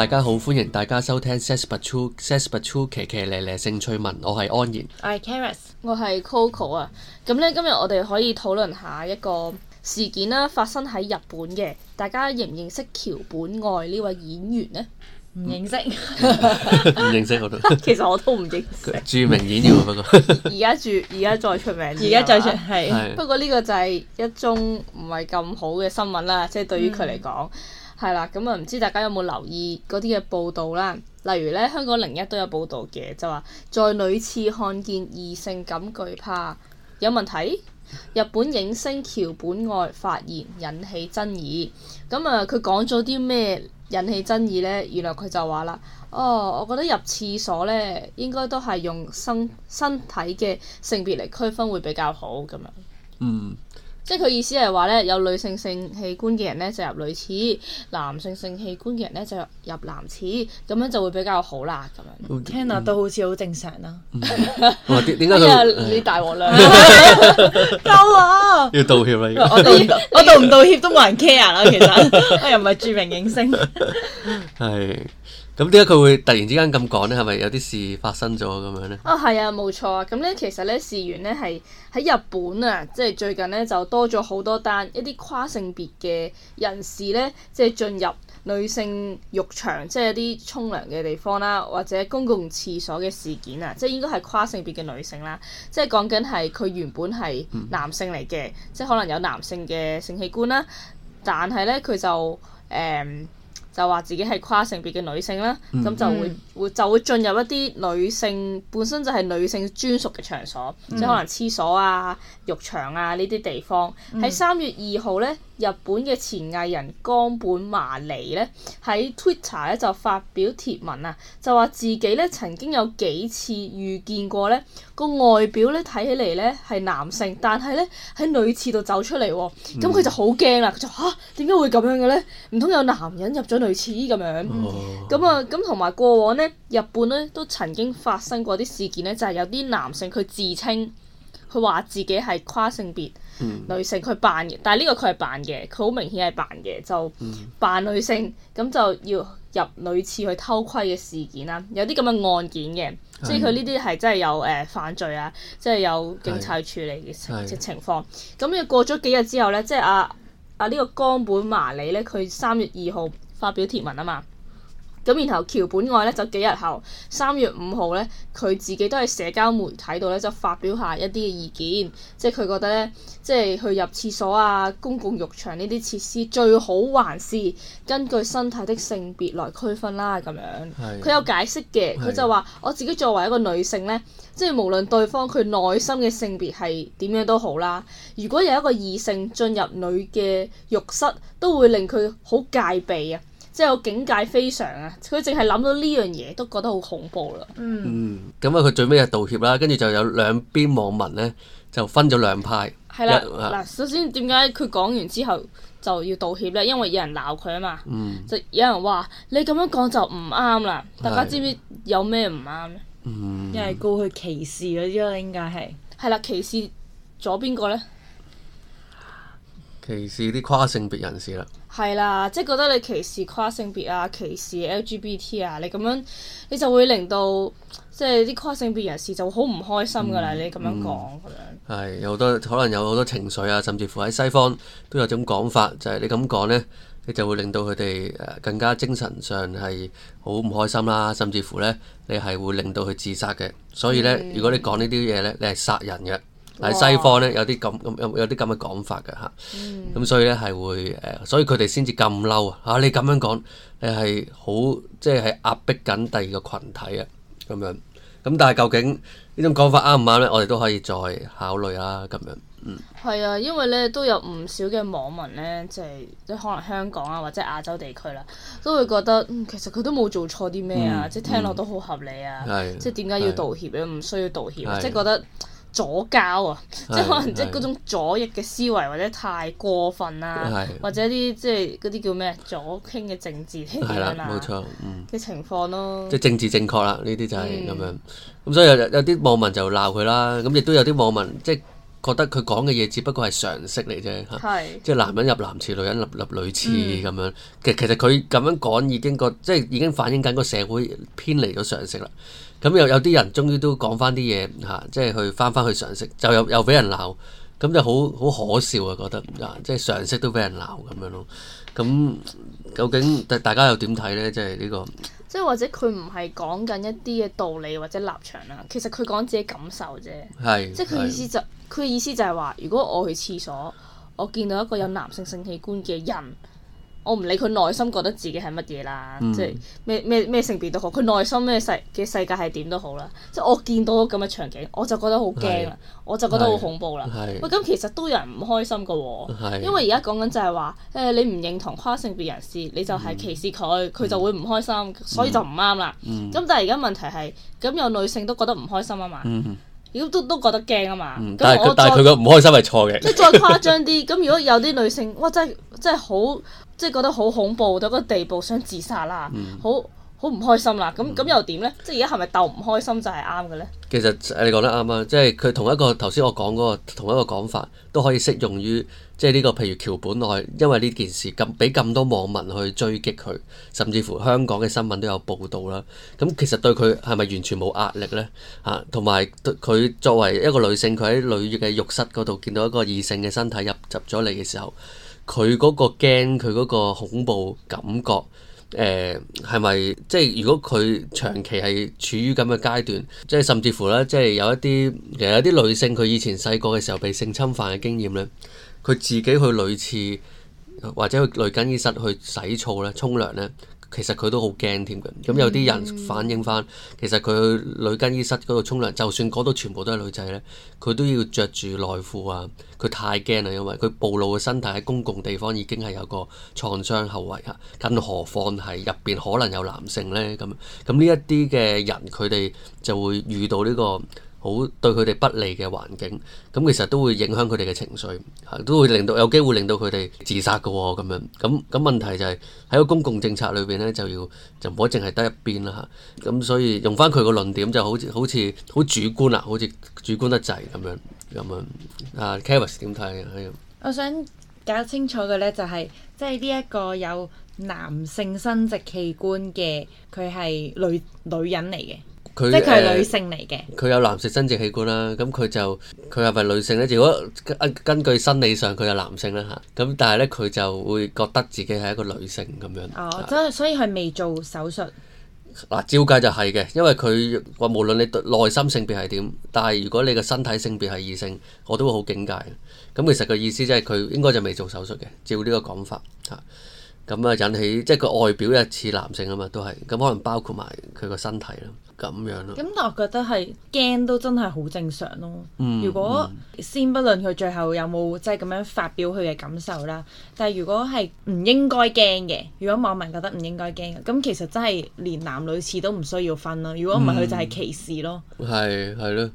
大家好，歡迎大家收聽 s oo, s oo, 奇奇嘞嘞《s e s p a t true e s p a t true，騎騎咧咧，性趣聞，我係安然，I'm Charis，我係 Coco 啊。咁咧今日我哋可以討論下一個事件啦、啊，發生喺日本嘅，大家認唔認識橋本愛呢位演員呢？唔認識，唔認識好多。其實我都唔認識。 著名演員不過，而家 住而家再，再出名，而家再出係，是不過呢個就係一宗唔係咁好嘅新聞啦，即、就、係、是、對於佢嚟講。嗯係啦，咁啊唔知大家有冇留意嗰啲嘅報道啦？例如咧，香港零一都有報道嘅，就話、是、在女廁看見異性感懼，巨怕有問題。日本影星橋本愛發言引起爭議，咁啊佢講咗啲咩引起爭議呢？原來佢就話啦：，哦，我覺得入廁所呢應該都係用身身體嘅性別嚟區分會比較好咁樣。嗯。嗯即係佢意思係話咧，有女性性器官嘅人咧就入女廁，男性性器官嘅人咧就入男廁，咁樣就會比較好啦。咁樣，聽啊都好似好正常啦。點點解你大鑊量？夠啦、 啊！要道歉啊！我我我道唔道歉都冇人 care 啦、啊。其實 我又唔係著名影星。係。 咁點解佢會突然之間咁講呢？係咪有啲事發生咗咁樣呢？哦、啊，係啊，冇錯啊。咁咧，其實咧，事源咧係喺日本啊，即係最近咧就多咗好多單一啲跨性別嘅人士咧，即係進入女性浴場，即係一啲沖涼嘅地方啦，或者公共廁所嘅事件啊，即係應該係跨性別嘅女性啦，即係講緊係佢原本係男性嚟嘅，嗯、即係可能有男性嘅性器官啦，但係咧佢就誒。嗯就話自己係跨性別嘅女性啦，咁、嗯、就會、嗯、會就會進入一啲女性本身就係女性專屬嘅場所，嗯、即係可能廁所啊、浴場啊呢啲地方。喺三、嗯、月二號咧。日本嘅前藝人江本麻里咧喺 Twitter 咧就發表貼文啊，就話自己咧曾經有幾次遇見過咧個外表咧睇起嚟咧係男性，但係咧喺女廁度走出嚟喎、哦，咁佢、嗯、就好驚啦，佢就話點解會咁樣嘅咧？唔通有男人入咗女廁咁、嗯嗯哦、樣？咁啊咁同埋過往咧，日本咧都曾經發生過啲事件咧，就係、是、有啲男性佢自稱佢話自己係跨性別。女性佢扮嘅，但係呢個佢係扮嘅，佢好明顯係扮嘅，就扮女性咁就要入女廁去偷窺嘅事件啦，有啲咁嘅案件嘅，是的 即係佢呢啲係真係有誒、呃、犯罪啊，即係有警察處理嘅情情況。咁又過咗幾日之後咧，即係阿阿呢個岡本麻里咧，佢三月二號發表貼文啊嘛。咁然後橋本愛咧就幾日後三月五號咧，佢自己都喺社交媒體度咧就發表一下一啲嘅意見，即係佢覺得咧，即係去入廁所啊、公共浴場呢啲設施最好還是根據身體的性別來區分啦，啊。咁樣，佢是的 有解釋嘅，佢就話：是的 我自己作為一個女性咧，即係無論對方佢內心嘅性別係點樣都好啦，如果有一個異性進入女嘅浴室，都會令佢好戒備啊。即係有境界非常啊！佢淨係諗到呢樣嘢都覺得好恐怖啦。嗯，咁啊，佢最尾就道歉啦，跟住就有兩邊網民咧就分咗兩派。係啦，嗱，首先點解佢講完之後就要道歉咧？因為有人鬧佢啊嘛。嗯。就有人話：你咁樣講就唔啱啦！大家知唔知有咩唔啱？嗯。又係告佢歧視嗰啲咯，應該係。係啦，歧視咗邊個咧？歧視啲跨性別人士啦。係啦，即係覺得你歧視跨性別啊，歧視 LGBT 啊，你咁樣你就會令到即係啲跨性別人士就好唔開心㗎啦！嗯、你咁樣講咁係有好多可能有好多情緒啊，甚至乎喺西方都有種講法，就係、係、你咁講呢，你就會令到佢哋更加精神上係好唔開心啦、啊，甚至乎呢，你係會令到佢自殺嘅。所以呢，嗯、如果你講呢啲嘢呢，你係殺人嘅。係西方咧，有啲咁咁有有啲咁嘅講法㗎嚇，咁所以咧係會誒，所以佢哋先至咁嬲啊！嚇，你咁樣講，你係好即係壓迫緊第二個群體啊，咁樣咁。但係究竟呢種講法啱唔啱咧？我哋都可以再考慮啦，咁樣。嗯，係啊，因為咧都有唔少嘅網民咧，即係即可能香港啊或者亞洲地區啦、啊，都會覺得、嗯、其實佢都冇做錯啲咩啊，嗯嗯即係聽落都好合理啊，的即係點解要道歉咧？唔需要道歉，即係覺得。的的左膠啊，即係可能即係嗰種左翼嘅思維，或者太過分啊，的或者啲即係嗰啲叫咩左傾嘅政治傾向啊，冇錯、嘅、嗯、情況咯。即係政治正確啦、啊，呢啲就係、是、咁樣。咁、嗯、所以有有啲網民就鬧佢啦，咁亦都有啲網民即係、就是、覺得佢講嘅嘢只不過係常識嚟啫。即係的、嗯、男人入男廁，女人入入女廁咁、嗯、樣。其其實佢咁樣講已經個即係已經反映緊個社會偏離咗常識啦。咁又有啲人終於都講翻啲嘢吓，即係去翻翻去常識，就又又俾人鬧，咁就好好可笑啊！覺得、啊、即係常識都俾人鬧咁樣咯。咁、啊、究竟大家又點睇呢？即係呢個，即係或者佢唔係講緊一啲嘅道理或者立場啊，其實佢講自己感受啫。係，即係佢意思就佢嘅意思就係話，如果我去廁所，我見到一個有男性性器官嘅人。我唔理佢內心覺得自己係乜嘢啦，嗯、即係咩咩咩性別都好，佢內心咩世嘅世界係點都好啦。即係我見到咁嘅場景，我就覺得好驚啦，是我就覺得好恐怖啦。喂，咁其實都有人唔開心㗎，是因為而家講緊就係話，誒、呃、你唔認同跨性別人士，你就係歧視佢，佢、嗯、就會唔開心，嗯、所以就唔啱啦。咁、嗯嗯、但係而家問題係，咁有女性都覺得唔開心啊嘛。嗯嗯都都覺得驚啊嘛，咁、嗯、我但係佢個唔開心係錯嘅。即 係再誇張啲，咁如果有啲女性，哇，真真係好，即係覺得好恐怖，到個地步想自殺啦，好好唔開心啦，咁咁、嗯、又點呢？即係而家係咪鬥唔開心就係啱嘅呢？其實你講得啱啊，即係佢同一個頭先我講嗰個同一個講法，都可以適用於。即係呢個，譬如橋本愛，因為呢件事咁俾咁多網民去追擊佢，甚至乎香港嘅新聞都有報道啦。咁其實對佢係咪完全冇壓力呢？嚇，同埋佢作為一個女性，佢喺女嘅浴室嗰度見到一個異性嘅身體入咗嚟嘅時候，佢嗰個驚，佢嗰個恐怖感覺，誒係咪即係如果佢長期係處於咁嘅階段，即係甚至乎呢，即係有一啲其實有啲女性佢以前細個嘅時候被性侵犯嘅經驗呢。佢自己去女廁或者去女更衣室去洗澡咧、沖涼咧，其實佢都好驚添嘅。咁有啲人反映返，其實佢去女更衣室嗰度沖涼，就算嗰度全部都係女仔咧，佢都要着住內褲啊！佢太驚啦，因為佢暴露嘅身體喺公共地方已經係有個創傷後遺嚇，更何況係入邊可能有男性咧。咁咁呢一啲嘅人，佢哋就會遇到呢個。好對佢哋不利嘅環境，咁其實都會影響佢哋嘅情緒，嚇都會令到有機會令到佢哋自殺嘅喎，咁樣咁咁問題就係，喺個公共政策裏邊咧，就要就唔可以淨係得一邊啦，嚇咁所以用返佢個論點就好好似好主觀啦，好似主觀得滯咁樣咁樣。阿 Charis 點睇啊？我想搞清楚嘅咧就係，即係呢一個有男性生殖器官嘅，佢係女女人嚟嘅。她即係佢係女性嚟嘅，佢有男性生殖器官啦。咁佢就佢係咪女性咧？如果根根據生理上，佢係男性啦吓。咁但係咧，佢就會覺得自己係一個女性咁樣哦。是所以所以係未做手術嗱，照計就係、是、嘅，因為佢話無論你內心性別係點，但係如果你嘅身體性別係異性，我都會好警戒。咁其實個意思即係佢應該就未做手術嘅，照呢個講法吓。咁啊，引起即係個外表一似男性啊嘛，都係咁可能包括埋佢個身體啦。咁樣咯、啊。咁但我覺得係驚都真係好正常咯。嗯、如果先不論佢最後有冇即係咁樣發表佢嘅感受啦，但係如果係唔應該驚嘅，如果網民覺得唔應該驚嘅，咁其實真係連男女廁都唔需要分咯、啊。如果唔係佢就係歧視咯。係係咯。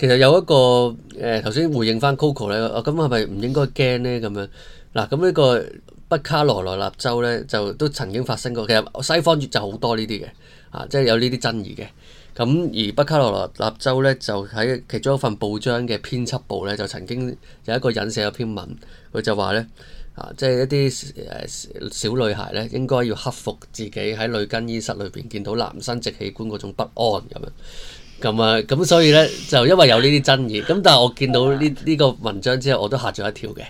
其實有一個誒頭先回應翻 Coco 咧，啊咁係咪唔應該驚咧？咁樣嗱，咁呢個北卡羅來納州咧就都曾經發生過。其實西方越就好多呢啲嘅。啊，即、就、係、是、有呢啲爭議嘅，咁、啊、而北卡羅來納州呢，就喺其中一份報章嘅編輯部呢，就曾經有一個人寫咗篇文，佢就話呢，啊，即、就、係、是、一啲、啊、小女孩呢，應該要克服自己喺女更衣室裏邊見到男生殖器官嗰種不安咁樣，咁啊咁所以呢，就因為有呢啲爭議，咁但係我見到呢呢、這個文章之後，我都嚇咗一跳嘅。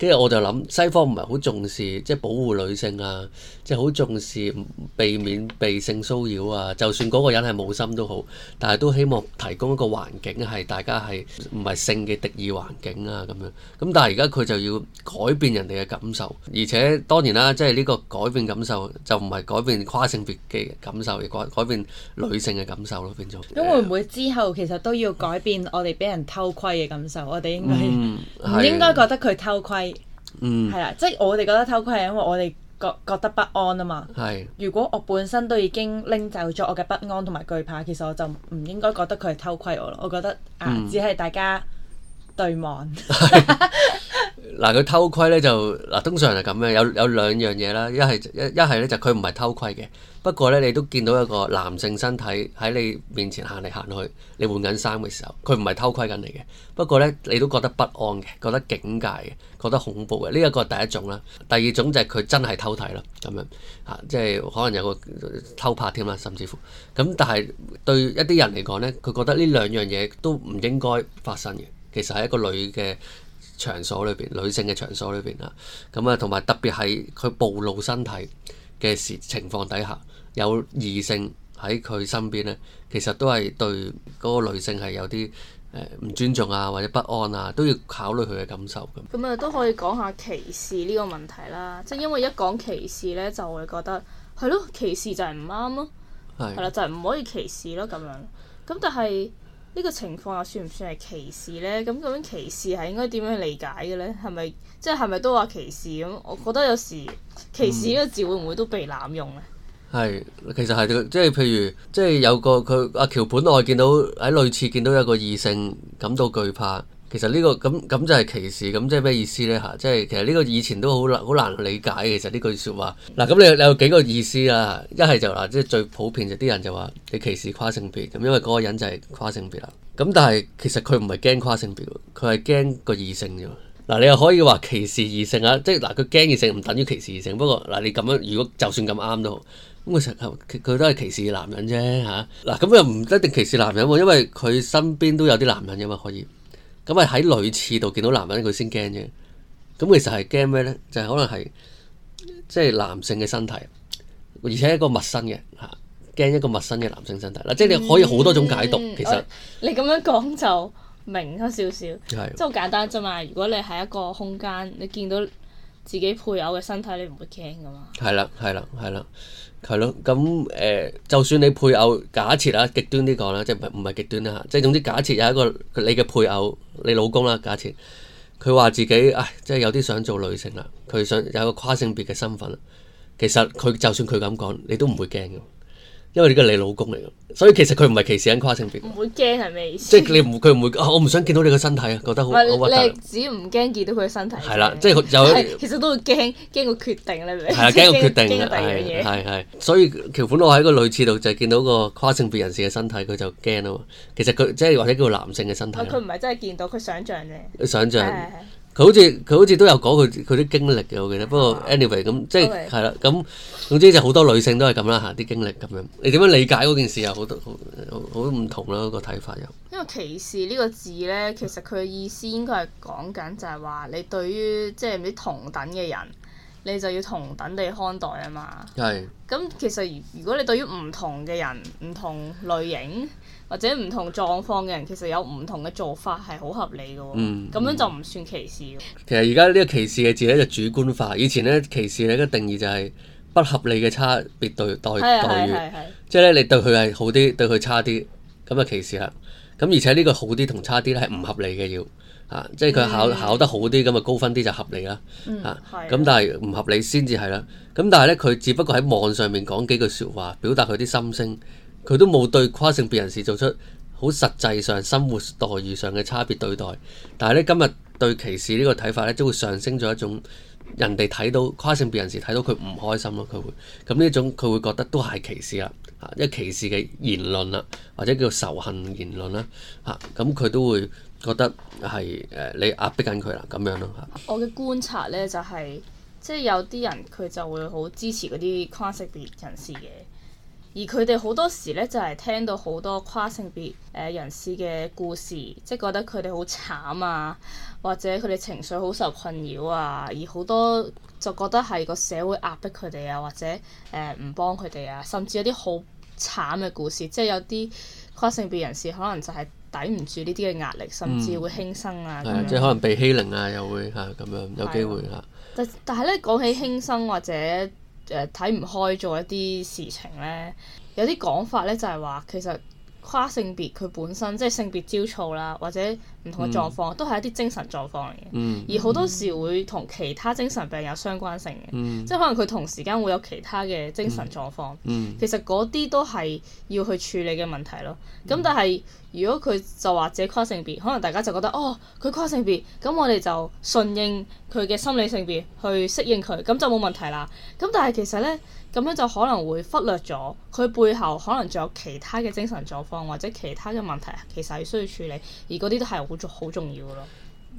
跟住我就諗，西方唔係好重視即係保護女性啊，即係好重視避免被性騷擾啊。就算嗰個人係冇心都好，但係都希望提供一個環境係大家係唔係性嘅敵意環境啊咁樣。咁但係而家佢就要改變人哋嘅感受，而且當然啦，即係呢個改變感受就唔係改變跨性別嘅感受，而改改變女性嘅感受咯變咗。咁會唔會之後其實都要改變我哋俾人偷窺嘅感受？我哋應該唔、嗯、應該覺得佢偷窺？嗯，係啦，即係我哋覺得偷窺係因為我哋覺覺得不安啊嘛。係，如果我本身都已經拎走咗我嘅不安同埋懼怕，其實我就唔應該覺得佢係偷窺我咯。我覺得啊，只係大家。嗯對望嗱， 佢偷窺呢就嗱，通常係咁樣嘅。有有兩樣嘢啦，一係一一係呢就佢唔係偷窺嘅。不過呢，你都見到一個男性身體喺你面前行嚟行去，你換緊衫嘅時候，佢唔係偷窺緊你嘅。不過呢，你都覺得不安嘅，覺得警戒嘅，覺得恐怖嘅。呢、這、一個係第一種啦，第二種就係佢真係偷睇啦，咁樣吓、啊，即係可能有個偷拍添啦，甚至乎咁。但係對一啲人嚟講呢，佢覺得呢兩樣嘢都唔應該發生嘅。其實係一個女嘅場所裏邊，女性嘅場所裏邊啦。咁啊，同埋特別係佢暴露身體嘅時情況底下，有異性喺佢身邊咧，其實都係對嗰個女性係有啲誒唔尊重啊，或者不安啊，都要考慮佢嘅感受咁。咁啊、嗯，都可以講下歧視呢個問題啦。即係因為一講歧視咧，就會覺得係咯，歧視就係唔啱咯，係啦的，就係、是、唔可以歧視咯咁樣。咁但係。呢個情況又算唔算係歧視呢？咁究竟歧視係應該點樣理解嘅呢？係咪即係係咪都話歧視咁？我覺得有時歧視呢個字會唔會都被濫用呢？係、嗯，其實係即係譬如即係有個佢阿橋本愛見到喺類似見到有個異性感到懼怕。其實呢、這個咁咁就係歧視，咁即係咩意思呢？吓、啊，即係其實呢個以前都好難好難理解。嘅。其實呢句説話嗱，咁、啊、你有，有幾個意思啊？一係就嗱，即、就、係、是、最普遍就啲、是、人就話你歧視跨性別咁、嗯，因為嗰個人就係跨性別啦。咁但係其實佢唔係驚跨性別，佢係驚個異性啫。嗱、啊，你又可以話歧視異性啊？即係嗱，佢、啊、驚異性唔等於歧視異性。不過嗱、啊，你咁樣如果就算咁啱都好咁，佢都係歧視男人啫吓，嗱、啊。咁、啊、又唔一定歧視男人喎、啊，因為佢身邊都有啲男人㗎、啊、嘛，可以。咁咪喺女廁度見到男人佢先驚啫，咁其實係驚咩咧？就係、可能係即係男性嘅身體，而且一個陌生嘅，吓，驚一個陌生嘅男性身體啦，即係你可以好多種解讀。嗯、其實你咁樣講就明咗少少，即係好簡單啫嘛。如果你係一個空間，你見到自己配偶嘅身體，你唔會驚噶嘛。係啦，係啦，係啦。係咯，咁誒，就算你配偶假設啊，極端啲講啦，即係唔係唔係極端啦，即係總之假設有一個你嘅配偶，你老公啦，假設佢話自己啊，即係有啲想做女性啦，佢想有一個跨性別嘅身份。其實佢就算佢咁講，你都唔會驚嘅。因為呢個你老公嚟嘅，所以其實佢唔係歧視緊跨性別。唔會驚係咩意思？即係你唔佢唔會、哦、我唔想見到你個身體啊，覺得好屈底。是你只唔驚見到佢嘅身體。係啦，即係有。係其實都會驚驚個決定咧。係啊，驚個決定啊，係係。所以條款我喺個女似度就見到個跨性別人士嘅身體，佢就驚啊。其實佢即係或者叫男性嘅身體。佢唔係真係見到，佢想象嘅。想象像。佢好似佢好似都有講佢佢啲經歷嘅，我記得。不過 anyway 咁即係係啦，咁 Okay. 總之就好多女性都係咁啦嚇啲經歷咁樣。你點樣理解嗰件事又好多好好唔同啦、個睇法又。因為歧視呢個字咧，其實佢嘅意思應該係講緊就係話你對於即係唔知同等嘅人，你就要同等地看待啊嘛。係的。咁其實如如果你對於唔同嘅人、唔同類型，或者唔同狀況嘅人其實有唔同嘅做法係好合理嘅喎，咁、嗯、樣就唔算歧視、嗯嗯。其實而家呢個歧視嘅字咧就是、主觀化。以前咧歧視咧嘅定義就係不合理嘅差別對待的待遇即係咧你對佢係好啲，對佢差啲，咁就歧視啦。咁而且呢個好啲同差啲咧係唔合理嘅要啊，即係佢考、嗯、考得好啲咁啊高分啲就合理啦、嗯、啊，咁但係唔合理先至係啦。咁但係咧佢只不過喺網上面講幾句説話，表達佢啲心聲。佢都冇對跨性別人士做出好實際上生活待遇上嘅差別對待，但係咧今日對歧視呢個睇法咧，都會上升咗一種人哋睇到跨性別人士睇到佢唔開心咯，佢會咁呢種佢會覺得都係歧視啦，嚇、啊、一歧視嘅言論啦，或者叫仇恨言論啦，嚇咁佢都會覺得係誒、呃、你壓迫緊佢啦咁樣咯。啊、我嘅觀察咧就係即係有啲人佢就會好支持嗰啲跨性別人士嘅。而佢哋好多時咧就係聽到好多跨性別誒人士嘅故事，即係覺得佢哋好慘啊，或者佢哋情緒好受困擾啊，而好多就覺得係個社會壓迫佢哋啊，或者誒唔幫佢哋啊，甚至有啲好慘嘅故事，即係有啲跨性別人士可能就係抵唔住呢啲嘅壓力，嗯、甚至會輕生啊。嗯、即係可能被欺凌啊，又會嚇咁樣有機會啊。但但係咧，講起輕生或者～誒睇唔開做一啲事情咧，有啲講法咧就係話其實。跨性別佢本身即係性別焦躁啦，或者唔同嘅狀況、嗯、都係一啲精神狀況嚟嘅，嗯、而好多時會同其他精神病有相關性嘅，嗯、即係可能佢同時間會有其他嘅精神狀況。嗯嗯、其實嗰啲都係要去處理嘅問題咯。咁但係如果佢就或者跨性別，可能大家就覺得哦，佢跨性別，咁我哋就順應佢嘅心理性別去適應佢，咁就冇問題啦。咁但係其實呢。咁樣就可能會忽略咗佢背後可能仲有其他嘅精神狀況或者其他嘅問題，其實係需要處理，而嗰啲都係好重好重要嘅咯。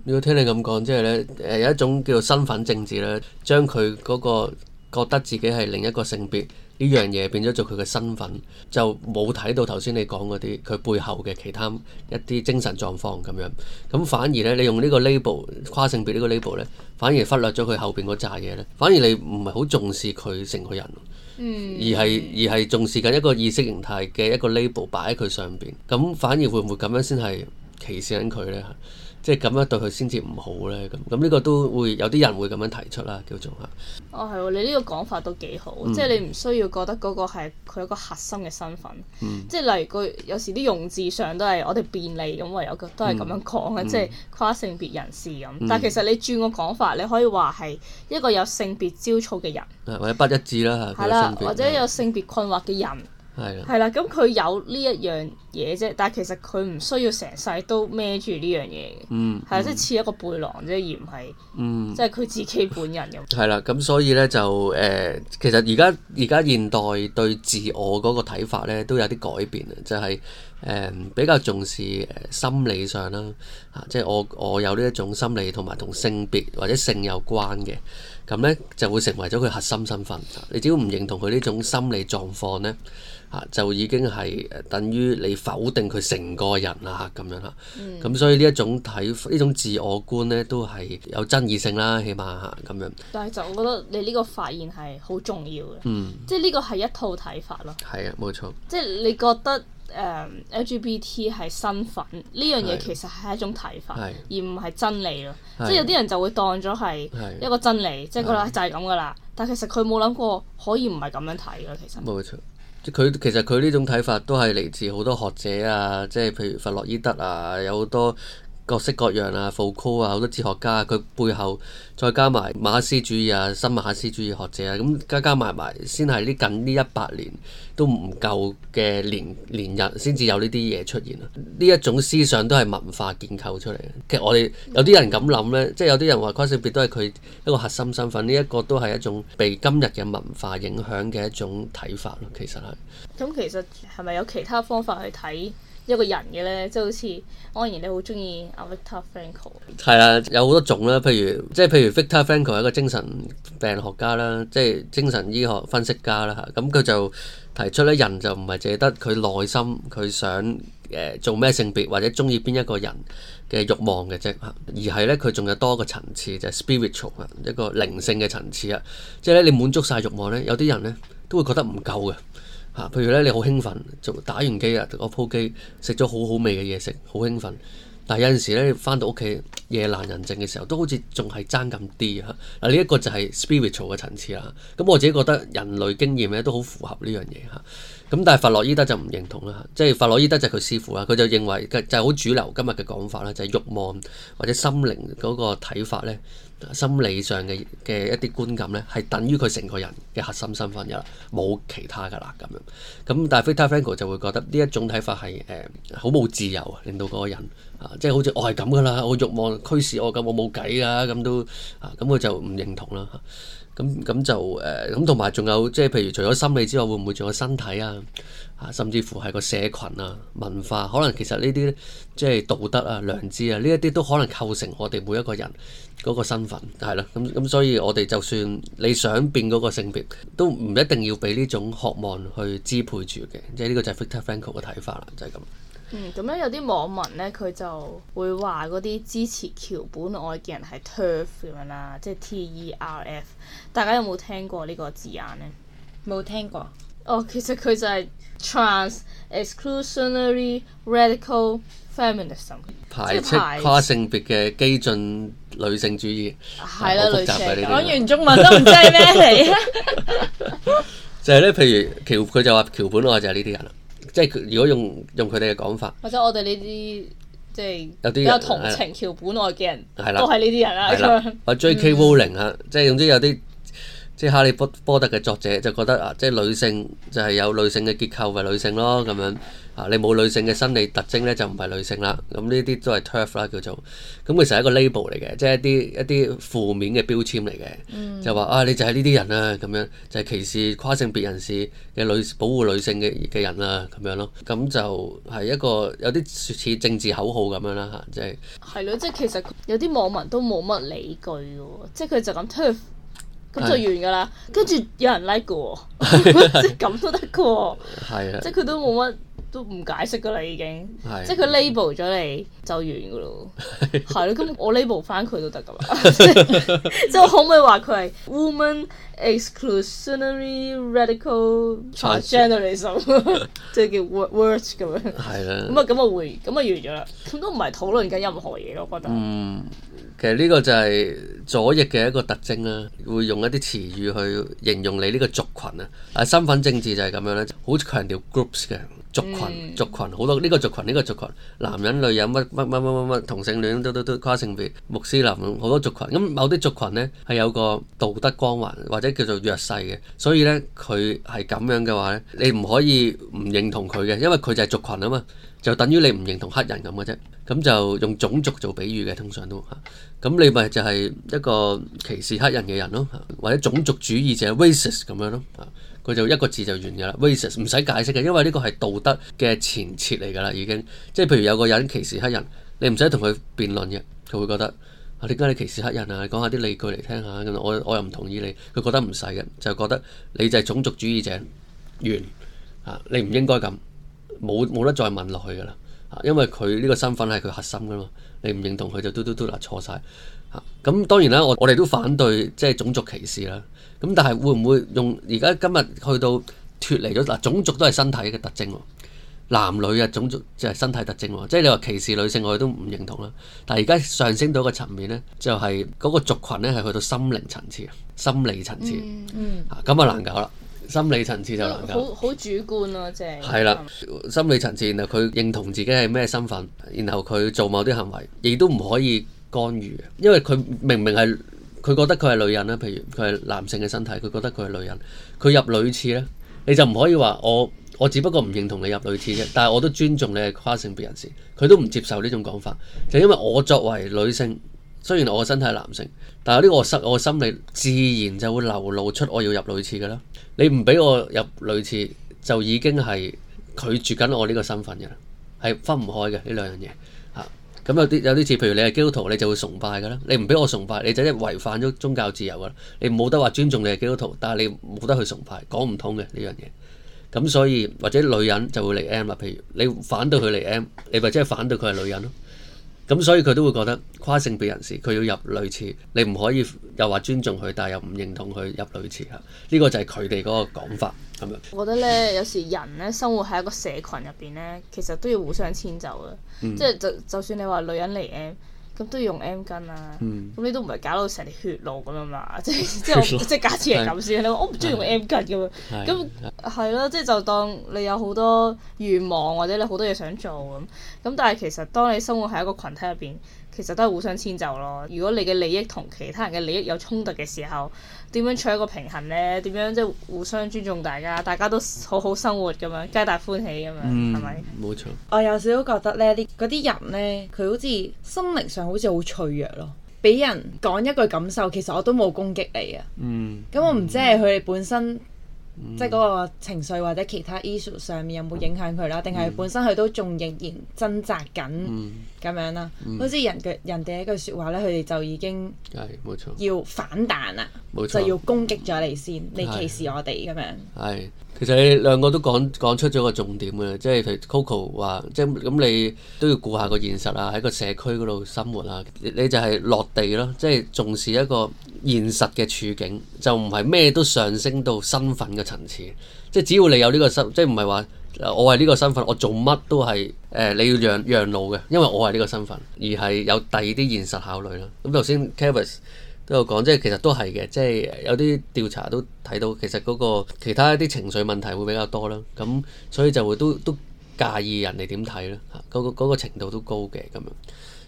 如果聽你咁講，即係咧，誒有一種叫做身份政治咧，將佢嗰個覺得自己係另一個性別。呢樣嘢變咗做佢嘅身份，就冇睇到頭先你講嗰啲佢背後嘅其他一啲精神狀況咁樣，咁反而呢，你用呢個 label 跨性別呢個 label 呢，反而忽略咗佢後邊嗰扎嘢呢？反而你唔係好重視佢成個人，嗯，而係而係重視緊一個意識形態嘅一個 label 擺喺佢上邊，咁反而會唔會咁樣先係？歧視緊佢咧，即係咁樣對佢先至唔好咧。咁咁呢個都會有啲人會咁樣提出啦，叫做嚇。哦，係喎、啊，你呢個講法都幾好，嗯、即係你唔需要覺得嗰個係佢一個核心嘅身份。嗯、即係例如佢有時啲用字上都係我哋便利咁，唯有佢都係咁樣講啊，嗯、即係跨性別人士咁。嗯、但係其實你轉個講法，你可以話係一個有性別焦躁嘅人、嗯嗯，或者不一致啦嚇。係啦、啊，或者有性別困惑嘅人。係啦，咁佢有呢一樣嘢啫，但係其實佢唔需要成世都孭住呢樣嘢嘅，係即係似一個背囊啫，而唔係、嗯、即係佢自己本人咁。係啦，咁所以咧就誒、呃，其實而家而家現代對自我嗰個睇法咧都有啲改變啊，就係、是、誒、呃、比較重視誒心理上啦，啊，即係我我有呢一種心理同埋同性別或者性有關嘅，咁咧就會成為咗佢核心身份。你只要唔認同佢呢種心理狀況咧，就已經係等於你否定佢成個人啦，咁樣啦。咁、嗯、所以呢一種睇呢種自我觀呢，都係有爭議性啦。起碼嚇咁樣。但係就我覺得你呢個發現係好重要嘅，嗯、即係呢個係一套睇法咯。係啊，冇錯。即係你覺得誒、呃、LGBT 係身份呢樣嘢，其實係一種睇法，是而唔係真理咯。是即係有啲人就會當咗係一個真理，即係是覺得就係咁噶啦。但其實佢冇諗過可以唔係咁樣睇嘅，其實冇錯。即係佢其實佢呢種睇法都係嚟自好多學者啊，即係譬如弗洛伊德啊，有好多。各式各樣啊，傅科啊，好多哲學家啊，佢背後再加埋馬克思主義啊，新馬克思主義學者啊，咁加加埋埋，先係呢近呢一百年都唔夠嘅年年日，先至有呢啲嘢出現啊！呢一種思想都係文化建構出嚟嘅。其實我哋有啲人咁諗呢，即係有啲人話跨性別都係佢一個核心身份，呢一個都係一種被今日嘅文化影響嘅一種睇法咯啊。其實係。咁其實係咪有其他方法去睇？一個人嘅咧，即係好似安然你好中意阿 Victor Franco 係啊，有好多種啦，譬如即係譬如 Victor Franco 係一個精神病學家啦，即係精神醫學分析家啦嚇。咁、嗯、佢就提出咧，人就唔係淨係得佢內心佢想誒做咩性別或者中意邊一個人嘅慾望嘅啫嚇，而係咧佢仲有多個層次，就係、spiritual 啊，一個靈性嘅層次啊。即係咧，你滿足晒慾望咧，有啲人咧都會覺得唔夠嘅。嚇，譬如咧，你好興奮，就打完機啊，個鋪機，食咗好好味嘅嘢食，好興奮。但係有陣時咧，翻到屋企夜闌人靜嘅時候，都好似仲係爭咁啲嚇。嗱，呢一個就係 spiritual 嘅層次啦。咁我自己覺得人類經驗咧都好符合呢樣嘢嚇。咁但係弗洛伊德就唔認同啦，即係弗洛伊德就係佢師傅啦，佢就認為就係好主流今日嘅講法啦，就係慾望或者心靈嗰個睇法咧。心理上嘅嘅一啲觀感呢，係等於佢成個人嘅核心身份噶啦，冇其他噶啦咁樣咁。但係 Frieda Franco 就會覺得呢一種睇法係誒好冇自由，令到嗰個人啊，即係好似我係咁噶啦，我慾望驅使我咁，我冇計噶咁都啊，咁佢、啊、就唔認同啦。咁、啊、咁就誒咁同埋仲有，還有即係譬如除咗心理之外，會唔會仲有身體啊？啊甚至乎係個社群啊、文化，可能其實呢啲即係道德啊、良知啊呢一啲都可能構成我哋每一個人。嗰個身份係咯，咁咁，所以我哋就算你想變嗰個性別，都唔一定要俾呢種渴望去支配住嘅。即係呢個就係 Fletcher Franco 嘅睇法啦，就係咁。嗯，咁咧有啲網民咧，佢就會話嗰啲支持橋本愛嘅人係 turf 咁樣啦，即係 t e r f。大家有冇聽過呢個字眼咧？冇聽過哦。其實佢就係 trans exclusionary radical feminism，排斥跨性別嘅基進，女性主義係啦，講完中文都唔知係咩嚟啊！就係咧，譬如橋，佢就話橋本愛就係呢啲人啦，即係如果用用佢哋嘅講法，或者我哋呢啲即係有啲比較同情橋本愛嘅人，係啦，都係呢啲人啦。或者 J.K. Rowling 啊，即係總之有啲即係哈利波特嘅作者就覺得啊，即係女性就係有女性嘅結構咪女性咯，咁樣。你冇女性嘅生理特徵咧，就唔係女性啦。咁呢啲都係 terf 啦，叫做咁，佢成係一個 label 嚟嘅，即係一啲一啲負面嘅標籤嚟嘅，就話啊，你就係呢啲人啊，咁樣就係歧視跨性別人士嘅女保護女性嘅嘅人啊，咁樣咯。咁就係一個有啲似政治口號咁樣啦、啊、吓，即係係咯，即係其實有啲網民都冇乜理據嘅，即係佢就咁 terf 咁就完㗎啦。跟住是的 有人 like 嘅喎、哦，即係咁都得嘅喎，係啊，即係佢都冇乜。都唔解釋噶啦，已經的，即係佢 label 咗你就完噶咯，係咯，咁我 label 翻佢都得噶啦，即係可唔可以話佢係 woman exclusionary radical generation，即係叫 word words 咁樣，係啦的，咁啊咁啊會，咁啊完咗啦，咁都唔係討論緊任何嘢咯，我覺得。其實呢個就係左翼嘅一個特徵啦、啊，會用一啲詞語去形容你呢個族群啊，啊身份政治就係咁樣啦，好強調 groups 嘅族群、族群好多呢個族群、呢個族群，男人、女人乜乜乜乜乜乜同性戀都都都跨性別穆斯林好多族群，咁某啲族群呢係有個道德光環或者叫做弱勢嘅，所以呢，佢係咁樣嘅話呢，你唔可以唔認同佢嘅，因為佢就係族群啊嘛。就等於你唔認同黑人咁嘅啫，咁就用種族做比喻嘅，通常都嚇。咁、啊、你咪就係一個歧視黑人嘅人咯、啊，或者種族主義者 racist 咁樣咯，佢、啊啊、就一個字就完嘅啦，racist 唔使解釋嘅，因為呢個係道德嘅前設嚟㗎啦，已經即係譬如有個人歧視黑人，你唔使同佢辯論嘅，佢會覺得嚇點解你歧視黑人啊？你講下啲理據嚟聽下，我我又唔同意你，佢覺得唔使嘅，就覺得你就係種族主義者，完嚇、啊、你唔應該咁。冇冇得再問落去㗎啦，啊，因為佢呢個身份係佢核心㗎嘛，你唔認同佢就嘟嘟嘟啦，錯晒！嚇咁當然啦，我我哋都反對即係、就是、種族歧視啦，咁但係會唔會用而家今日去到脱離咗嗱，種族都係身體嘅特徵喎，男女啊種族即係身體特徵喎，即係你話歧視女性我哋都唔認同啦，但係而家上升到一個層面呢，就係、是、嗰個族群呢，係去到心靈層次、心理層次，嚇咁啊就難搞啦～心理層次就難，好好主觀咯、啊，即係係啦。心理層次，然後佢認同自己係咩身份，然後佢做某啲行為，亦都唔可以干預，因為佢明明係佢覺得佢係女人啦。譬如佢係男性嘅身體，佢覺得佢係女人，佢入女廁咧，你就唔可以話我我只不過唔認同你入女廁啫。但係我都尊重你係跨性別人士。佢都唔接受呢種講法，就因為我作為女性，雖然我嘅身體係男性，但係呢個我，我心理自然就會流露出我要入女廁嘅啦。你唔俾我入類似就已經係拒絕緊我呢個身份嘅，係分唔開嘅呢兩樣嘢。吓、啊、咁有啲有啲似，譬如你係基督徒，你就會崇拜噶啦。你唔俾我崇拜，你就係違反咗宗教自由噶啦。你冇得話尊重你係基督徒，但係你冇得去崇拜，講唔通嘅呢樣嘢。咁、啊、所以或者女人就會嚟 M 啦，譬如你反對佢嚟 M，你咪即係反對佢係女人咯。咁所以佢都會覺得跨性別人士佢要入女廁，你唔可以又話尊重佢，但係又唔認同佢入女廁吓。呢、這個就係佢哋嗰個講法，係咪？我覺得咧，有時人咧生活喺一個社群入邊咧，其實都要互相遷、嗯、就嘅，即係就就算你話女人嚟嘅。咁都要用 M 巾啊！咁、嗯、你都唔係搞到成條血路咁樣嘛？即係即係我，即係假設係咁先啦。我唔中意用 M 巾咁樣，咁係咯，即係、就是、就當你有好多願望或者你好多嘢想做咁。咁但係其實當你生活喺一個群體入邊，其實都係互相遷就咯。如果你嘅利益同其他人嘅利益有衝突嘅時候，點樣取一個平衡呢？點樣即係互相尊重大家，大家都好好生活咁樣，皆大歡喜咁樣，係咪？冇錯。我有時都覺得呢啲嗰啲人呢，佢好似心靈上好似好脆弱咯。俾人講一句感受，其實我都冇攻擊你啊。嗯。咁、嗯、我唔知係佢哋本身，嗯、即係嗰個情緒或者其他 issue 上面有冇影響佢啦？定係本身佢都仲仍然掙扎緊咁、嗯嗯、樣啦？好似、嗯、人嘅人哋一句説話咧，佢哋就已經係冇錯要反彈啦，錯就要攻擊咗你先，你歧視我哋咁的樣。其實你兩個都講講出咗個重點嘅、即係，即係 Coco 話，即係咁你都要顧下個現實啊，喺個社區嗰度生活啊，你就係落地咯，即係重視一個現實嘅處境，就唔係咩都上升到身份嘅層次。即係只要你有呢個身，即係唔係話我係呢個身份，我做乜都係誒、呃、你要讓讓路嘅，因為我係呢個身份，而係有第二啲現實考慮啦。咁頭先 Charis。都有講，即係其實都係嘅，即係有啲調查都睇到，其實嗰個其他一啲情緒問題會比較多啦。咁所以就會都都介意人哋點睇啦。嚇，嗰個程度都高嘅咁樣，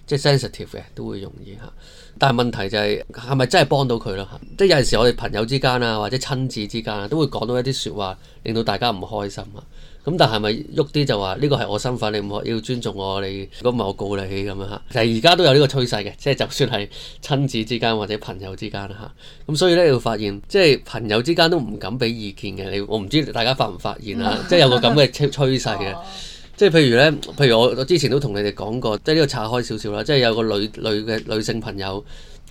即係 sensitive 嘅，都會容易嚇。但係問題就係係咪真係幫到佢咯？嚇，即係有陣時我哋朋友之間啊，或者親子之間啊，都會講到一啲説話，令到大家唔開心啊。咁但係咪喐啲就話呢個係我身份，你唔可要尊重我，你如果唔係我告你咁樣嚇。其實而家都有呢個趨勢嘅，即係就算係親子之間或者朋友之間啦嚇。咁所以咧，你會發現即係、就是、朋友之間都唔敢俾意見嘅。你我唔知大家發唔發現呀？ 即係有個咁嘅趨趨勢嘅。 即係譬如咧，譬如我我之前都同你哋講過，即係呢個岔開少少啦，即係有個女女嘅女性朋友，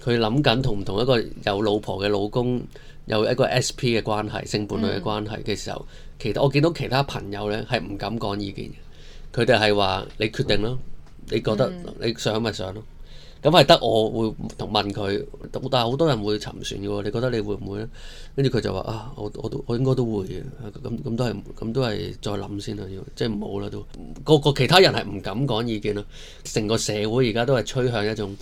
佢諗緊同唔同一個有老婆嘅老公有一個 S P 嘅關係，性伴侶嘅關係嘅時候。嗯嗯其實我見到其他朋友咧係唔敢講意見嘅，佢哋係話你決定咯，um、你覺得你想咪想咯。咁係得我會同問佢，但係好多人會沉船嘅喎。你覺得你會唔會咧？跟住佢就話啊，我我都我應該都會嘅。咁咁都係咁都係再諗先啦，要即係唔好啦，都個個其他人係唔敢講意見啦。成個社會而家都係趨向一種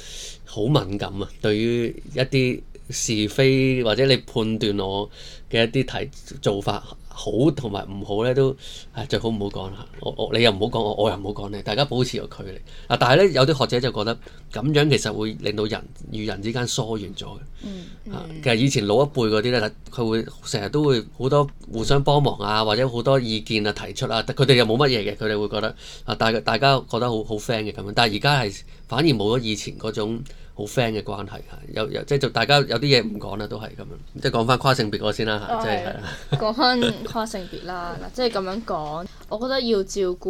好敏感啊，對於一啲是非或者你判斷我嘅一啲題做法。好同埋唔好咧，都唉、哎、最好唔好講啦。我我你又唔好講我，我又唔好講你，大家保持個距離啊。但係咧，有啲學者就覺得咁樣其實會令到人與人之間疏遠咗嘅。嗯、啊，其實以前老一輩嗰啲咧，佢會成日都會好多互相幫忙啊，或者好多意見啊提出啦、啊。佢哋又冇乜嘢嘅，佢哋會覺得啊，但大家覺得好好 friend 嘅咁樣。但係而家係反而冇咗以前嗰種。好 friend 嘅關係，有有即係就大家有啲嘢唔講啦，都係咁樣，即係講翻跨性別我先啦， 即係講翻跨性別啦，嗱，即係咁樣講，我覺得要照顧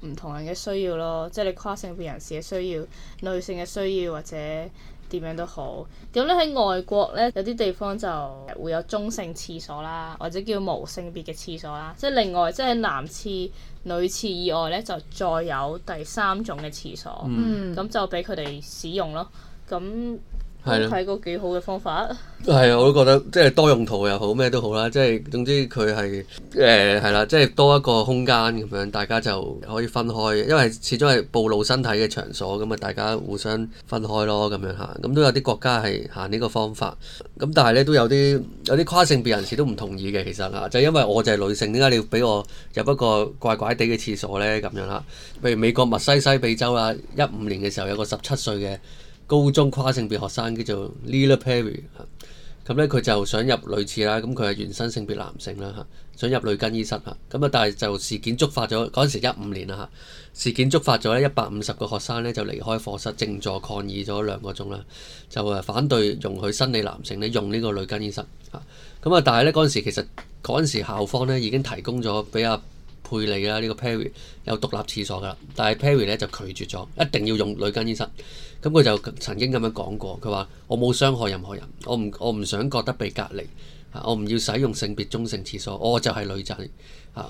唔同人嘅需要咯，即係你跨性別人士嘅需要、女性嘅需要或者點樣都好。咁咧，喺外國咧，有啲地方就會有中性廁所啦，或者叫無性別嘅廁所啦，即係另外即係男廁、女廁以外咧，就再有第三種嘅廁所，咁、嗯、就俾佢哋使用咯。咁都睇過幾好嘅方法，係啊，我都覺得即係多用途又好咩都好啦，即係總之佢係誒係啦，即係多一個空間咁樣，大家就可以分開，因為始終係暴露身體嘅場所，咁啊大家互相分開咯咁樣吓，咁都有啲國家係行呢個方法，咁但係咧都有啲有啲跨性別人士都唔同意嘅，其實啊，就係因為我就係女性，點解你要俾我入一個怪怪地嘅廁所咧咁樣啦？譬如美國密西西比州啊，一五年嘅時候有個十七歲嘅。高中跨性別學生叫做 Lila Perry，咁咧佢就想入女廁啦。咁佢係原生性別男性啦，嚇、啊、想入女更衣室啊。咁啊，但係就事件觸發咗嗰陣時，一五年啦嚇。事件觸發咗咧，一百五十個學生咧就離開課室，靜坐抗議咗兩個鐘啦，就啊反對容許生理男性咧用呢個女更衣室啊。咁啊，但係咧嗰陣時其實嗰陣時校方咧已經提供咗俾阿佩利啦呢、呢個 Perry 有獨立廁所噶啦，但係 Perry 咧就拒絕咗，一定要用女更衣室。咁佢就曾經咁樣講過，佢話我冇傷害任何人，我唔我唔想覺得被隔離，我唔要使用性別中性廁所，我就係女仔，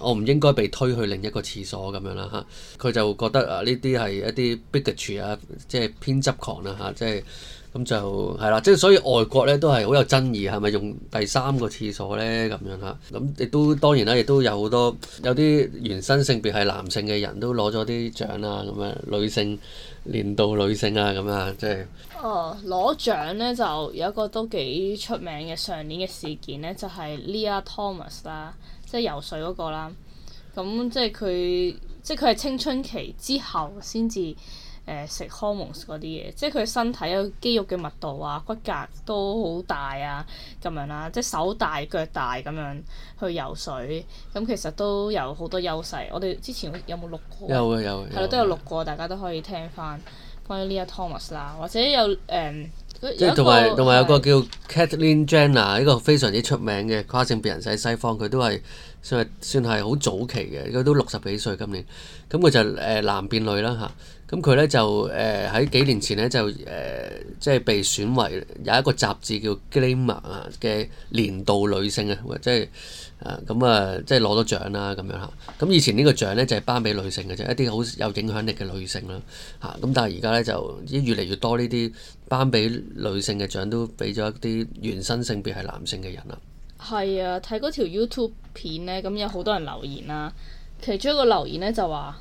我唔應該被推去另一個廁所咁樣啦嚇。佢就覺得啊，呢啲係一啲 bigotry 啊，即係偏執狂啦嚇、啊，即係咁就係啦，即係所以外國咧都係好有爭議，係咪用第三個廁所咧咁樣嚇？咁亦都當然啦，亦都有好多有啲原生性別係男性嘅人都攞咗啲獎啦咁樣，女性。年度女性啊，咁啊，即係哦攞獎咧就有一個都幾出名嘅上年嘅事件咧，就係、是、Leah Thomas 啦，即係游水嗰個啦。咁即係佢，即係佢係青春期之後先至。誒食、呃、hormones 嗰啲嘢，即係佢身體肌肉嘅密度啊，骨骼都好大啊，咁樣啦、啊，即係手大腳大咁樣去游水，咁、嗯、其實都有好多優勢。我哋之前有冇錄過？有啊有係都有錄過， 大家都可以聽翻關於呢一個 Thomas 啦是，或者有誒即係同埋同埋有個叫 Cathleen Jenner，一個非常之出名嘅跨性別人士喺西方，佢都係算係算係好早期嘅，佢都六十幾歲今年咁，佢就誒男變女啦嚇。咁佢咧就誒喺、呃、幾年前咧就誒、呃、即係被選為有一個雜誌叫 Glamour 啊嘅年度女性啊，即係誒咁啊即係攞咗獎啦咁樣嚇。咁以前呢個獎咧就係、是、頒俾女性嘅啫，一啲好有影響力嘅女性啦嚇。咁、啊、但係而家咧就越嚟越多呢啲頒俾女性嘅獎都俾咗一啲原生性別係男性嘅人啦。係啊，睇嗰條 YouTube 片咧，咁有好多人留言啦、啊。其中一個留言咧就話。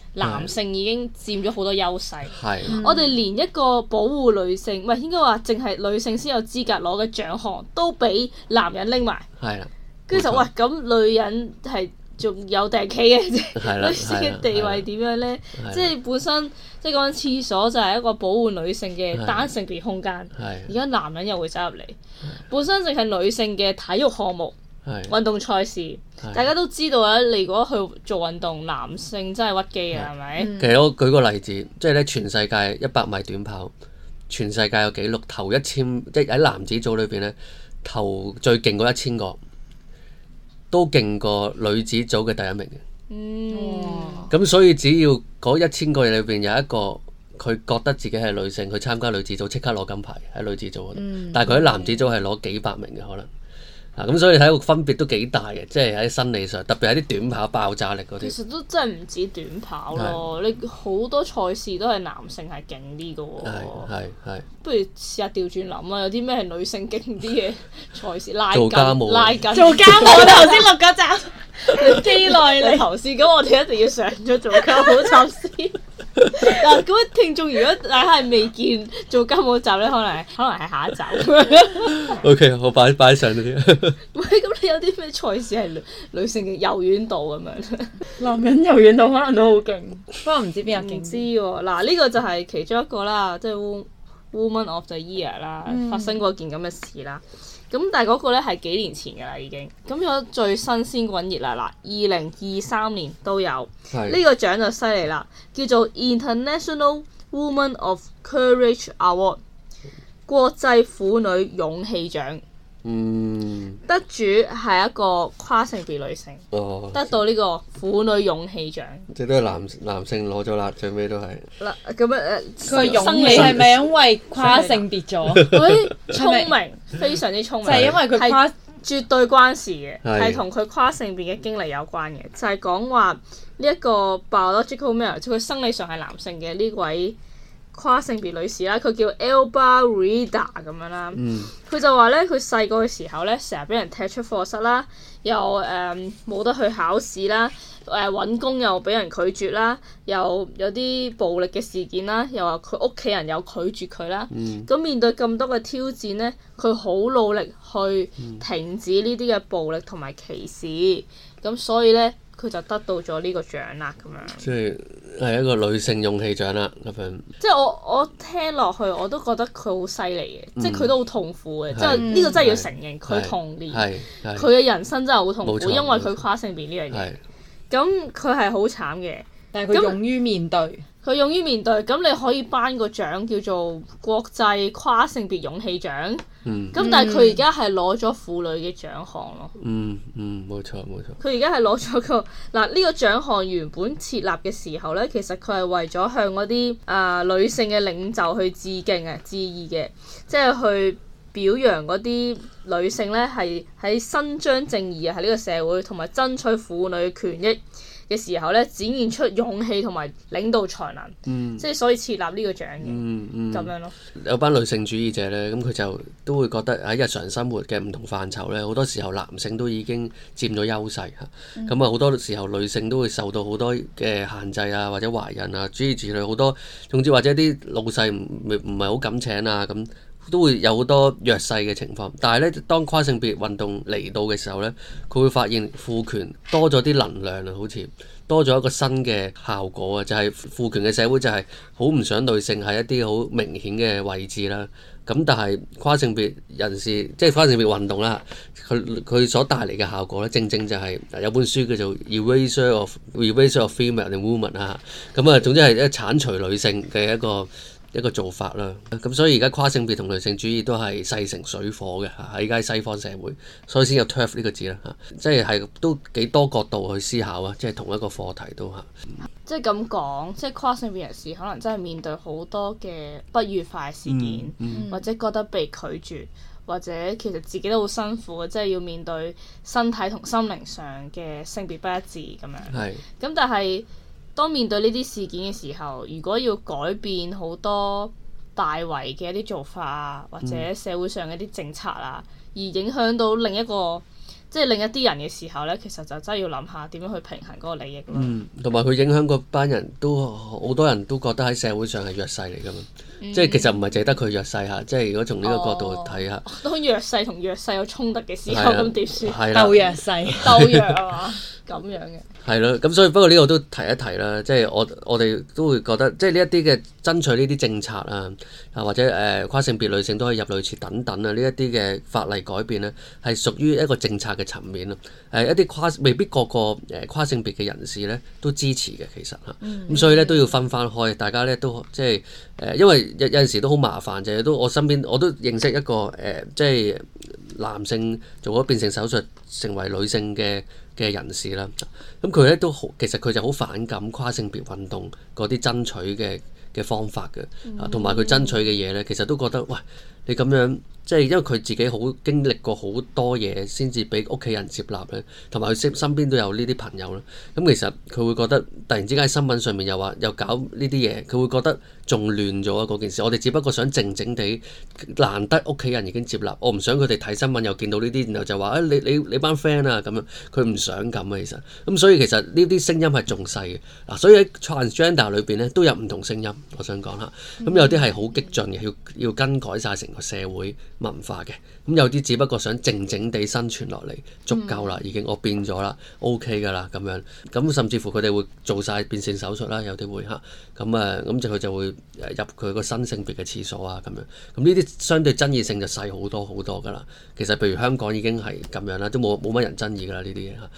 男性已經佔咗好多優勢，的我哋連一個保護女性，唔係應該話淨係女性先有資格攞嘅獎項，都俾男人拎埋。係啦的，跟住就錯喂，咁女人係仲有定係 K 嘅女性嘅地位點樣咧？即係本身即係講緊廁所就係一個保護女性嘅單性別空間，而家男人又會走入嚟，本身淨係女性嘅體育項目。運是動賽事，是大家都知道啊！你如果去做運動，男性真係屈機嘅，係咪？其實我舉個例子，即係咧，全世界一百米短跑，全世界有紀錄頭一千，即係喺男子組裏邊咧，頭最勁嗰一千個，都勁過女子組嘅第一名嘅。咁、嗯哦、所以只要嗰一千個裏邊有一個，佢覺得自己係女性，佢參加女子組，即刻攞金牌喺女子組嗰度，但係佢喺男子組係攞幾百名嘅可能。咁所以睇個分別都幾大嘅，即係喺生理上，特別喺啲短跑爆炸力嗰啲。其實都真係唔止短跑喎，你好多賽事都係男性係勁啲嘅喎。係係係。不如試下調轉諗啊，有啲咩係女性勁啲嘅賽事？拉筋，拉筋。做家務，頭先錄嗰集，記耐，你頭先，咁我哋一定要上咗做家務先。嗱，咁 啊，聽眾如果大家係未見做金毛集咧，可能係可能係下一集。 o、okay, K，我擺擺上嗰啲。喂、 哎，咁你有啲咩賽事係女性嘅，柔軟度咁樣？ 男人柔軟度可能都好勁， 不過唔知邊個勁啲喎。嗱，呢個就係其中一個啦，即係 Woman of the Year 啦，發生過件咁嘅事啦。嗯嗯咁但係嗰個咧係幾年前㗎啦已經，咁有最新鮮滾熱辣啦嗱，二零二三年都有呢是的 個獎就犀利啦，叫做 International Woman of Courage Award 國際婦女勇氣獎。嗯，得主係一個跨性別女性，哦、得到呢個婦女勇氣獎，即係都係男男性攞咗啦，最尾都係。嗱咁啊，佢、呃、生理係咪因為跨性別咗？佢聰了明，係咪非常之聰明， 就係因為佢跨，絕對關事嘅，係同佢跨性別嘅經歷有關嘅，就係講話呢一個 biological male，即係佢生理上係男性嘅呢位。跨性別女士啦，佢叫 Elba Rida 咁樣啦，佢、嗯、就話咧，佢細個嘅時候咧，成日俾人踢出課室啦，又誒冇、呃、得去考試啦，誒、呃、搵工又俾人拒絕啦，又有啲暴力嘅事件啦，又話佢屋企人又拒絕佢啦，咁、嗯、面對咁多嘅挑戰咧，佢好努力去停止呢啲嘅暴力同埋歧視，咁、嗯、所以咧。佢就得到咗呢個獎啦，咁樣。即係係一個女性勇氣獎啦，咁樣。即係我我聽落去我都覺得佢好犀利嘅，嗯、即係佢都好痛苦嘅，嗯、即係呢個真係要承認佢童年，佢嘅是人生真係好痛苦，錯因為佢跨性別呢樣嘢。咁佢係好慘嘅，但係佢勇於面對。那佢勇於面對，咁你可以頒個獎叫做國際跨性別勇氣獎。咁、嗯、但係佢而家係攞咗婦女嘅獎項咯。嗯嗯，冇錯冇錯。佢而家係攞咗個嗱，呢個獎項原本設立嘅時候呢，其實佢係為咗向嗰啲啊女性嘅領袖去致敬嘅致意嘅，即係去表揚嗰啲女性呢，係喺伸張正義啊，喺呢個社會同埋爭取婦女權益嘅時候咧，展現出勇氣同埋領導才能，即係、嗯、所以設立呢個獎嘅咁、嗯嗯、樣咯。有班女性主義者咧，咁佢就都會覺得喺日常生活嘅唔同範疇咧，好多時候男性都已經佔咗優勢嚇，咁啊好多時候女性都會受到好多嘅限制啊，或者懷孕啊，主義子女好多，總之或者啲老細唔唔係好敢請啊咁。都會有好多弱勢嘅情況，但係咧，當跨性別運動嚟到嘅時候咧，佢會發現父權多咗啲能量啦，好似多咗一個新嘅效果啊，就係、是、父權嘅社會就係好唔想女性係一啲好明顯嘅位置啦。咁但係跨性別人士即係跨性別運動啦，佢佢所帶嚟嘅效果咧，正正就係、是、有本書叫做《Erasure、er、of Erasure of Female》定《Woman》啊。咁、嗯、啊，總之係一剷除女性嘅一個。一個做法啦，咁所以而家跨性別同女性主義都係勢成水火嘅嚇，喺而家西方社會，所以先有 TERF 呢個字啦嚇、啊，即係係都幾多角度去思考啊，即係同一個課題都嚇、嗯嗯。即係咁講，即係跨性別人士可能真係面對好多嘅不愉快事件，嗯嗯、或者覺得被拒絕，或者其實自己都好辛苦，即、就、係、是、要面對身體同心靈上嘅性別不一致咁樣。係是。咁但係。當面對呢啲事件嘅時候，如果要改變好多大圍嘅一啲做法啊，或者社會上嘅一啲政策啊，嗯、而影響到另一個即係另一啲人嘅時候呢，其實就真係要諗下點樣去平衡嗰個利益咯。同埋佢影響嗰班人都好多人都覺得喺社會上係弱勢嚟噶嘛，即係其實唔係淨係得佢弱勢吓，即係如果從呢個角度去睇下、哦、當弱勢同弱勢有衝突嘅時候咁點算？鬥弱勢，鬥弱啊咁樣嘅係咯，咁所以不過呢個都提一提啦，即係我我哋都會覺得即係呢一啲嘅爭取呢啲政策啊，啊或者誒、呃、跨性別女性都可以入類似等等啊，呢一啲嘅法例改變呢，係屬於一個政策嘅層面啦。誒、呃、一啲跨未必個個誒、呃、跨性別嘅人士呢都支持嘅，其實嚇咁，嗯、所以呢，嗯、都要分翻開，大家呢都即係誒、呃，因為有有陣時都好麻煩，就係都我身邊我都認識一個誒、呃，即係男性，男性做咗變性手術成為女性嘅。嘅人士啦，咁佢咧都好，其實佢就好反感跨性別運動嗰啲爭取嘅嘅方法嘅，啊、mm，同埋佢爭取嘅嘢咧，其實都覺得，喂，你咁樣。即係因為佢自己好經歷過好多嘢，先至俾屋企人接納咧，同埋佢身身邊都有呢啲朋友咧。咁、嗯、其實佢會覺得突然之間喺新聞上面又話又搞呢啲嘢，佢會覺得仲亂咗嗰件事、啊。我哋只不過想靜靜地，難得屋企人已經接納，我唔想佢哋睇新聞又見到呢啲，然後就話誒、哎、你你你班 friend 啊咁樣，佢唔想咁啊其實。咁、嗯、所以其實呢啲聲音係仲細嘅嗱，所以喺 transgender 裏邊咧都有唔同聲音，我想講吓。咁、嗯嗯、有啲係好激進嘅，要要更改晒成個社會。文化嘅，咁有啲，只不過想靜靜地生存落嚟足夠啦，已經我變咗啦，O K 噶啦咁樣咁，甚至乎佢哋會做晒變性手術啦，有啲會嚇咁啊，咁就佢就會入佢個新性別嘅廁所啊咁樣咁，呢啲相對爭議性就細好多好多噶啦。其實，譬如香港已經係咁樣啦，都冇冇乜人爭議噶啦呢啲嘢嚇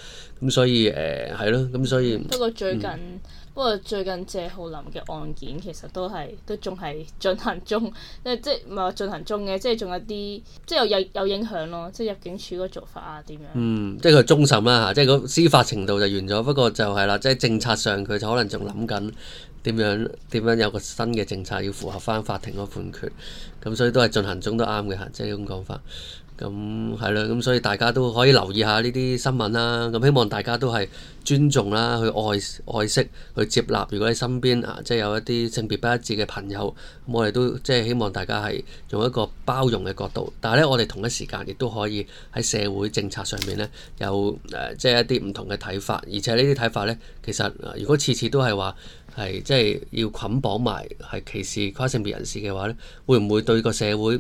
咁，所以誒係咯咁，呃、所以不過最近、嗯。不過最近謝浩霖嘅案件其實都係都係仲係進行中，即即唔係話進行中嘅，即仲有啲即有有有影響咯，即入境處嗰個做法啊點樣？嗯，即佢終審啦嚇，即嗰司法程度就完咗，不過就係啦，即政策上佢就可能仲諗緊點樣點樣有個新嘅政策要符合返法庭嗰判決，咁所以都係進行中都啱嘅嚇，即係咁講法。咁係咯，咁、嗯嗯、所以大家都可以留意下呢啲新聞啦。咁、嗯、希望大家都係尊重啦，去愛愛惜，去接納。如果你身邊啊，即係有一啲性別不一致嘅朋友，咁、嗯、我哋都即係希望大家係用一個包容嘅角度。但係咧，我哋同一時間亦都可以喺社會政策上面咧有誒、呃，即係一啲唔同嘅睇法。而且呢啲睇法咧，其實、啊、如果次次都係話係即係要捆綁埋，係歧視跨性別人士嘅話咧，會唔會對個社會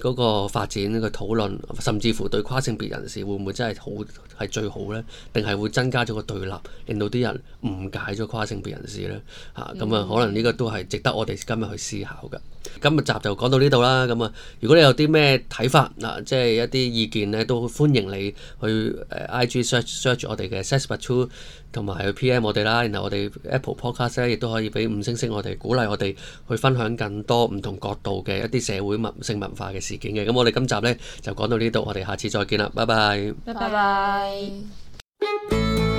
嗰個發展呢個討論，甚至乎對跨性別人士會唔會真係好係最好呢？定係會增加咗個對立，令到啲人誤解咗跨性別人士呢？嚇咁啊，可能呢個都係值得我哋今日去思考嘅。今日集就講到呢度啦。咁啊，如果你有啲咩睇法嗱、啊，即係一啲意見呢，都歡迎你去誒 I G search search 我哋嘅 s two 同埋去 PM 我哋啦，然後我哋 Apple Podcast 咧亦都可以俾五星星我哋，鼓勵我哋去分享更多唔同角度嘅一啲社會文性文化嘅事件嘅。咁我哋今集咧就講到呢度，我哋下次再見啦，拜拜。拜拜 bye。Bye bye。